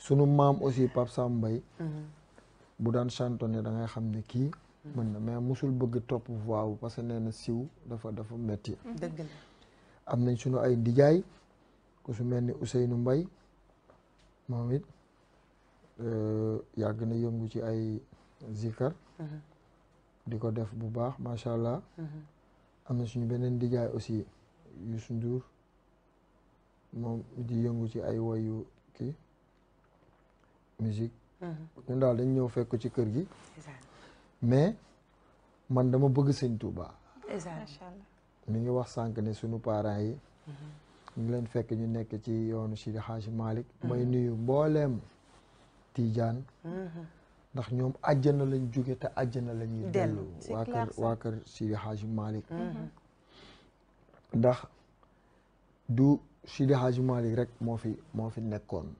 sunu maam aussi Pape Sam Mbaye mhm. bu daan chantonné da ngay xam ne kii mhm. mën na mais musul bëgg topp voix bu parce que nee na siw dafa dafa metti mhm. dëgg la am nañ sunu ay ndijaay ku su mel ni Ousseynou mbay moom it euh, yàgg na yëngu ci ay zikar di ko def bu baax macha allah am na suñu beneen ndijaay aussi Youssou Ndour moom di yëngu ci ay woyu kii musique uh-huh. ñun daal dañ ñëw fekk ci kër gi mais man dama bëgg sëñ Touba mi ngi wax sànq ne sunu parents yi uh-huh. ñu ngi leen fekk ñu nekk ci yoonu Sidi Hadji Malick uh-huh. may nuyu mbooleem Tidiane ndax ñoom àjjana lañ jóge te àjjana la ñuy dellu waa kër waa kër Sidi Hadji ndax du Sidi Hadji Malick rek moo fi moo fi nekkoon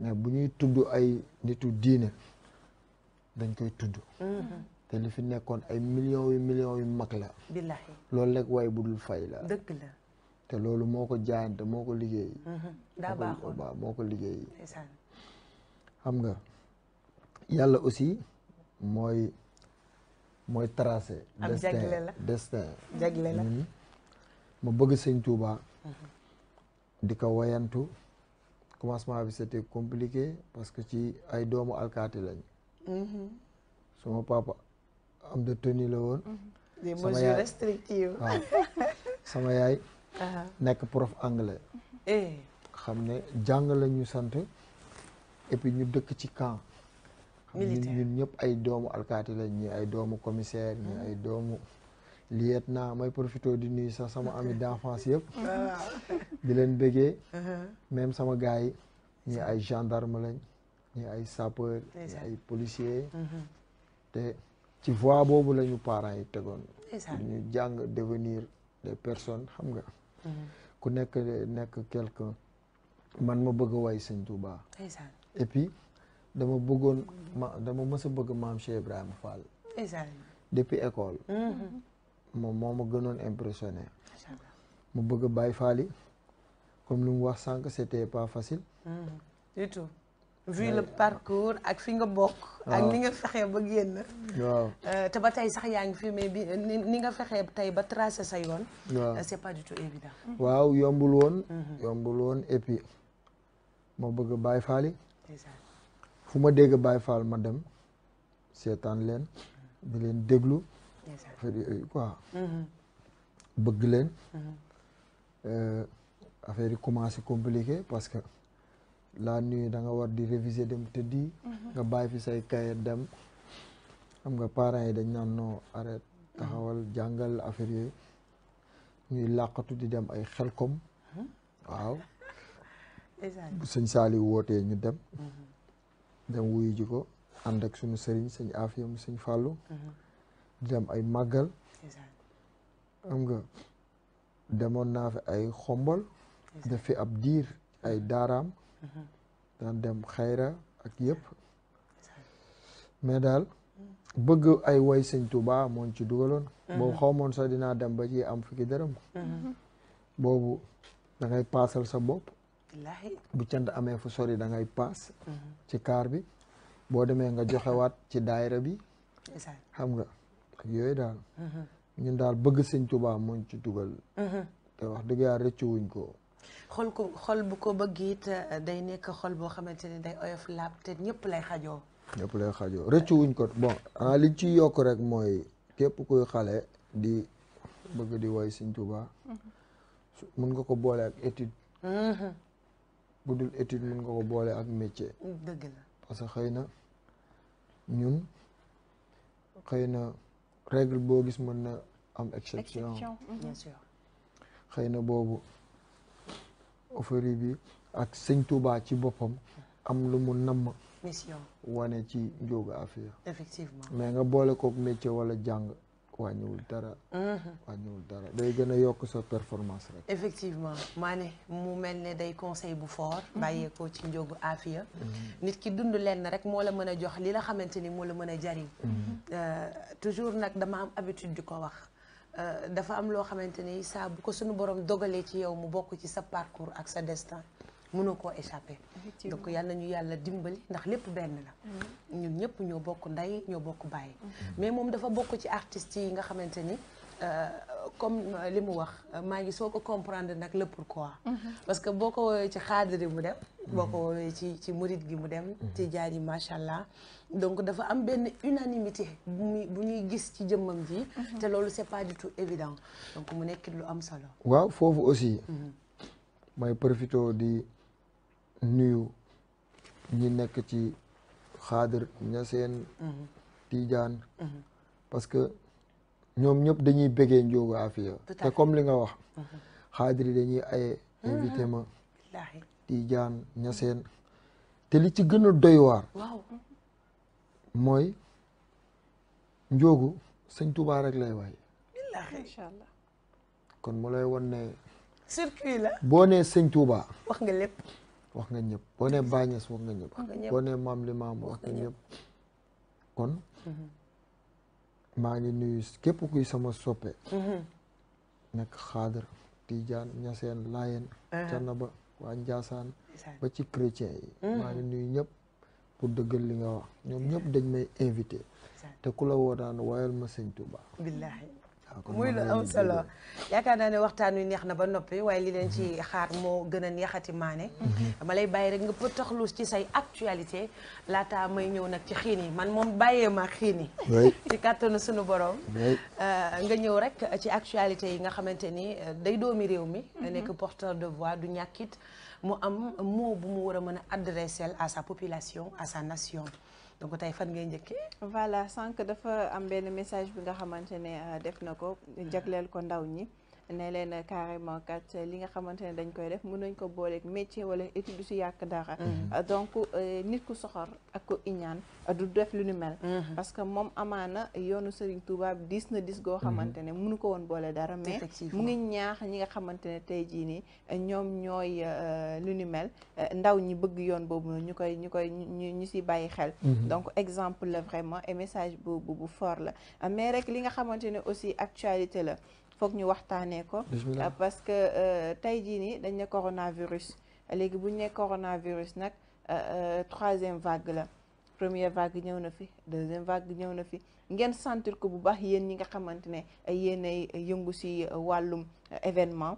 mais bu ñuy tudd ay nitu diine dañ koy tudd mm-hmm. te li nekkoon ay millions yu millions yu mag la billaahi loolu rek waaye budul fay la te loolu moo ko jaayante moo ko liggéey mm-hmm. xam nga yàlla aussi mooy mooy tracé destin ma bëgg sëñ Tuuba mm-hmm. di ko wayantu commencement bi c'était compliqué parce que ci ay doomu alkaati lañu mm-hmm. suma papa am de tenue la woon mm-hmm. sama yaay uh-huh. nekk prof anglais eh. xam ne jàng la ñu sant et puis ñu dëkk ci camp militaire ñëpp ay doomu alkaati lañ ñi ay doomu commissaire ñi ay mm-hmm. doomu liet naa may profité di nuyu sax sama ami d'enfance yëpp ah. di leen bëggee uh-huh. même sama gars yi ay gendarme lañ ñi ay sapeur ñi ay policier uh-huh. te ci voie boobu lañu ñu parents yi tegoon ñu jàng devenir des personnes xam nga uh-huh. ku nekk nekk quelque man ma bëgg a way sëñ Touba dama bëggoon dama mës a bëgg maam Cheikh Ibrahima Fall depuis école moom moo ma gënoon impressionné mu bëgg a bàyyi faali comme lu mu wax sànq c'était pas facile mm-hmm. du tout vu le parcours ak fi nga bokk ak ni nga fexee ba génn waaw euh, te ba tey sax yaa ngi fi bi ni nga fexee tey ba tracé sa yoon waaw euh, waaw yombul woon mm-hmm. yombul woon et ma bëgg a bàyyi faali fu ma dégg bàyyi faal ma dem seetaan leen di leen déglu affaire yooyu quoi. bëgg leen. Eh, affaire yi commencé compliqué parce que laa nuit da war di réviser dem tëddi. nga bàyyi fi say kayit dem xam nga parent yi dañ naan non arrête taxawal jàngal affaire yooyu ñuy làqatu di dem ay xelkom. waaw. bu Saali wootee ñu dem. dem wuyu ko ànd ak sunu sëriñ sëñ Afia mu sëñ dem ay màggal am nga demoon naa fi ay xombol def fi ab diir ay mm-hmm. daaraam mm-hmm. daan dem xayra ak yépp mais daal mm. bëgg ay way sëñ Tuuba moon ci dugaloon mm-hmm. boobu dinaa dem ba ci am fukki dërëm boobu da ngay sa bopp bu cant amee fu sori da ngay paas ci kaar bi boo demee nga joxewaat ci daayira bi xam nga ak yooyu daal uh-huh. ñun daal bëgg sëñ Tuubaa mooñ ci dugal uh-huh. te wax dëgg yàlla rëccu wuñ ko xol ko xol bu ko bëgg it uh, day nekk xol boo xamante ne day oyof laab te ñëpp lay xajoo ñëpp lay xajoo rëccu wuñ ko bon ah li ci yokk rek mooy képp kuy xale di bëgg di woy sëñ Tuubaa uh-huh. mën nga ko boole ak étude bu dul étude mën nga ko boole ak métier dëgg la xëy na ñun xëy na règle boo gis mën na am exception mhm. bien na boobu offari bi ak sëñ Touba ci boppam am lu mu namm mission wane ci njóogu affaire effectivement mais nga boole kook métier wala jàng wàññiwul dara. wàññiwul mhm. dara day gën a yokk sa performance rek. effectivement maane mu mel ne day conseil bu fort. Mhm. bàyyeekoo ci njógu afiya mhm. nit ki dund lenn rek moo la mën a jox li la xamante ni moo la mën a jariñ. Euh, toujours nag dama am habitude di ko wax. Euh, dafa am loo xamante ni saa bu ko suñu borom dogalee ci yow mu bokk ci sa parcours ak sa destin. mënoo koo échappé donc yàlla ñu yàlla dimbali ndax lépp benn la mm-hmm. ñun ñëpp ñoo bokk ndey ñoo bokk bàyyi mm-hmm. mais moom dafa bokk ci artistes yi nga xamante ni euh, comme euh, li mu wax euh, maa ngi soo ko comprendre nag le pourquoi mm-hmm. parce que boo ko woowee ci xaadari mu dem boo ko woowee ci ci murit gi mu dem ci jaar yi macha allah donc dafa am benn unanimité bu ñuy gis ci jëmmam ji te loolu c'est pas du tout évident donc mu nekk lu am solo waaw foofu aussi may profito di nuyu ñi nekk ci xaadir ñaseen mhm. tiijaan mhm. parce que ñoom ñëpp dañuy bëggee njóogu afiya te comme li nga wax mhm. xaadir yi dañuy aye invité ma tiijaan ñaseen te li ci gën a doy waar mooy njóogu sëñ Tuubaa rek lay waay kon mu lay won sëñ Tuubaa wax wax nga ñëpp boo nee Baay Ñas wax nga ñëpp boo maam li maam wax nga ñëpp kon mhm. maa ngi nuyu képp kuy sama soppe mhm. nekk xaadar tijaan ñaseen laayeen mhm. canaba waa njaasaan ba ci chrétien yi maa ngi nuyu ñëpp pour dëggal li nga wax ñoom ñëpp dañ may invité te ku la woo wayal ma sëñ Tuubaa muy lu am solo yaakaar naa ne waxtaan wi neex na ba noppi waaye li leen ci xaar moo gën a neexati maane mhm. dama lay bàyyi rek nga pëtaxlu ci say actualité laata may ñëw nag ci xiin yi man moom bàyyee ma xiin yi ci kàttanu suñu borom euh, nga ñëw rek ci actualité yi nga xamante ni euh, day doomi réew mi mhm. nekk porteur de voix du ñàkkit mu am mot bu mu war a mën a adressé à sa population à sa nation donc tey fan ngay njëkkee. voilà sànq dafa am benn message bi nga xamante ne euh, def na ko jagleel ko ndaw ñi. ne leen carrément kat li nga xamante ne dañ koy def mun nañ ko booleek métier wala étude du si yàq dara mm-hmm. euh, donc euh, nit ku soxor ak ku iñaan euh, du def lu ni mel mm-hmm. parce que moom amaana yoonu Serigne tubaab diis na diis goo xamante mm-hmm. ne mënu ko woon boole dara mais mu ngi ñaax ñi nga xamante ne tey jii nii ñoom ñooy lu ni mel ndaw ñi bëgg yoon boobu ñu koy ñu koy ñu si bàyyi xel donc exemple la vraiment et message boobu bu fort la mais rek li nga xamante ne aussi actualité la foog ñu waxtaanee ko euh, parce que euh, tey jii nii dañ ne coronavirus léegi bu ñu ne coronavirus nag euh, troisième vague la première vague ñëw na fi deuxième vague ñëw na fi ngeen sentir ko bu baax yéen ñi nga xamante ne yéenay yëngu si wàllum événement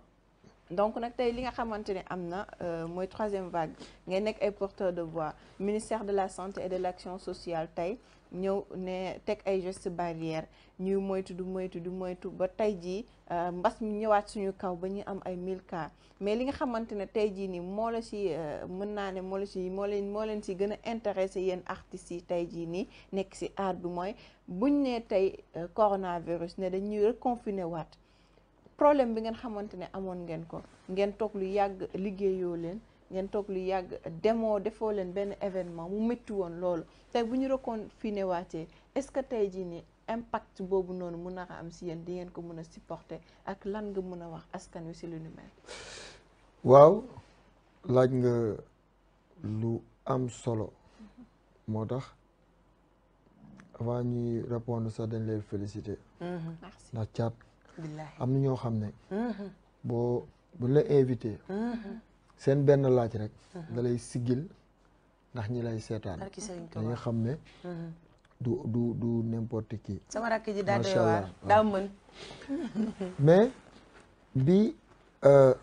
donc nag tey li nga xamante ne am na euh, mooy troisième vague ngay nekk ay porteur de voix ministère de la santé et de l'action sociale tey ñëw ne teg ay gestes barrières ñuy moytu du moytu du moytu ba tey jii euh, mbas mi ñëwaat suñu kaw ba ñu am ay 1000 cas mais li nga xamante ne tey jii nii moo la si euh, mën naa ne moo la si moo leen moo leen ci gën a intéressé yéen artistes yi tey jii nii nekk si art bi mooy buñ ne tey coronavirus ne dañuy reconfiné waat. problème bi ngeen xamante ne amoon ngeen ko ngeen toog lu yàgg liggéeyoo leen ngeen toog lu yàgg demoo defoo leen benn événement mu métti woon loolu tey bu ñu reconfiné waatee est-ce que tey jii nii impact boobu noonu mun naa am si yéen di ngeen ko mën a supporter ak lan nga mën a wax askan wi si lu ni mel. waaw laaj nga lu am solo moo tax avant ñuy répondre sax dañ lay féliciter. Mm-hmm. ndax caat. am na ñoo xam ne mm-hmm. boo bu la invité mm-hmm. seen benn laaj rek mm-hmm. da lay siggil ndax ñi lay seetaan dañu xam ne du du du n'importe qui sama daa mën mais bi euh,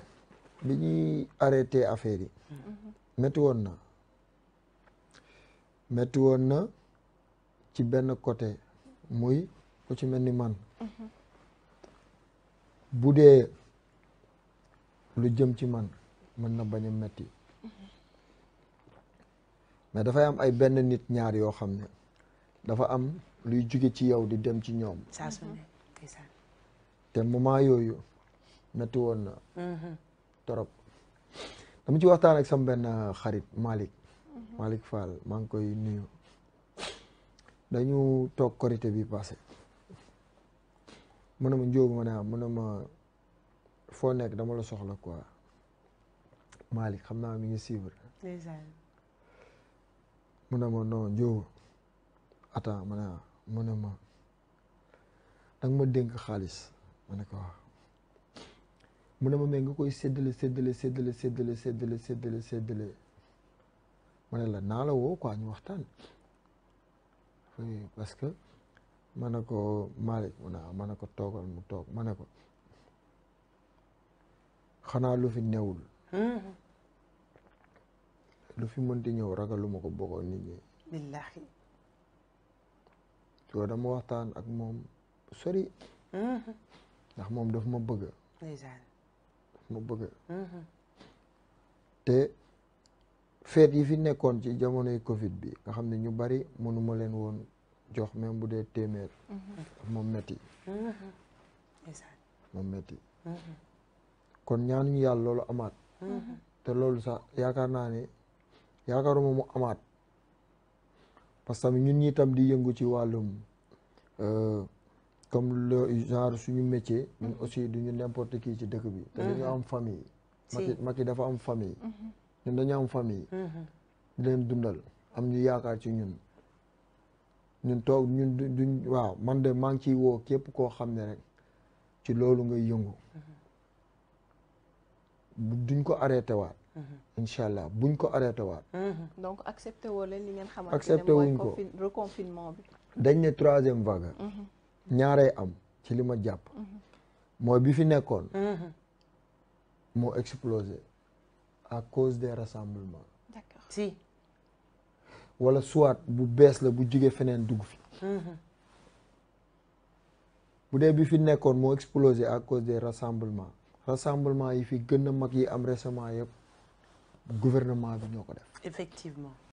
bi ñuy arrêté affaire yi woon na métti woon na ci benn côté muy ku ci mel ni man bu dee lu jëm ci man mën na bañ a metti mais dafay am ay benn nit ñaar yoo xam ne dafa am luy juge ci yow di dem ci ñoom te moment yooyu metti woon na mm-hmm. torop dama ci waxtaan ak sam benn xarit malik mm-hmm. Malick Fall maa ngi koy nuyu dañu toog korité bi passé mu ne ma njóobu ma ne ah mu ma foo nekk dama la soxla quoi Malick xam naa mi ngi suivre. mu ne ma non njóobu attends ma ne ah mu ne ma danga ma dénk xaalis ma ne ko waaw mu ne ma mais koy séddale séddale séddale séddale séddale séddale la naa la woo quoi ñu waxtaan parce que. ma ne ko Malick mu naa ma ne ko toogal mu toog ma ne ko xanaa lu fi newul mm-hmm. lu fi mënti ñëw ragalu ma ko bokkoon nit ñi soo dama waxtaan ak moom sori mm-hmm. ndax moom daf ma bëgg ndeysaan daf ma bëgg mm-hmm. te feet yi fi nekkoon ci jamono jamonoy covid bi nga xam ne ñu bari mënuma leen woon jox même bu dee téeméer. Mhm. moom métti. Mhm. moom métti. Mhm. kon ñaanuñu yàlla loolu amaat. te loolu sax yaakaar naa ne yaakaaruma mu amaat parce que ñun ñi tam di yëngu ci wàllum euh, comme le genre suñu métier. ñun aussi duñu n'importe qui ci dëkk bi. te dañu am famille. Macky dafa am famille. ñun dañu am famille. di leen dundal am ñu yaakaar ci ñun. ñun toog ñun duñ waaw man de maa ngi ciy woo képp koo xam ne rek ci loolu ngay yëngu mm-hmm. duñ ko arrêté waat mm-hmm. incha allah buñ ko arrêté waat mm-hmm. donc accepté woo leen li ngeen xamante accepté ko reconfinement dañ ne troisième vague ñaaree am ci lima ma jàpp mooy bi fi nekkoon moo explosé à cause des rassemblements wala soit bu bees la bu jóge feneen dugg fi mhm. bu dee bi fi nekkoon moo explosé à cause des rassemblements rassemblement yi fi gën a mag yi am récemment yëpp gouvernement bi ñoo ko def effectivement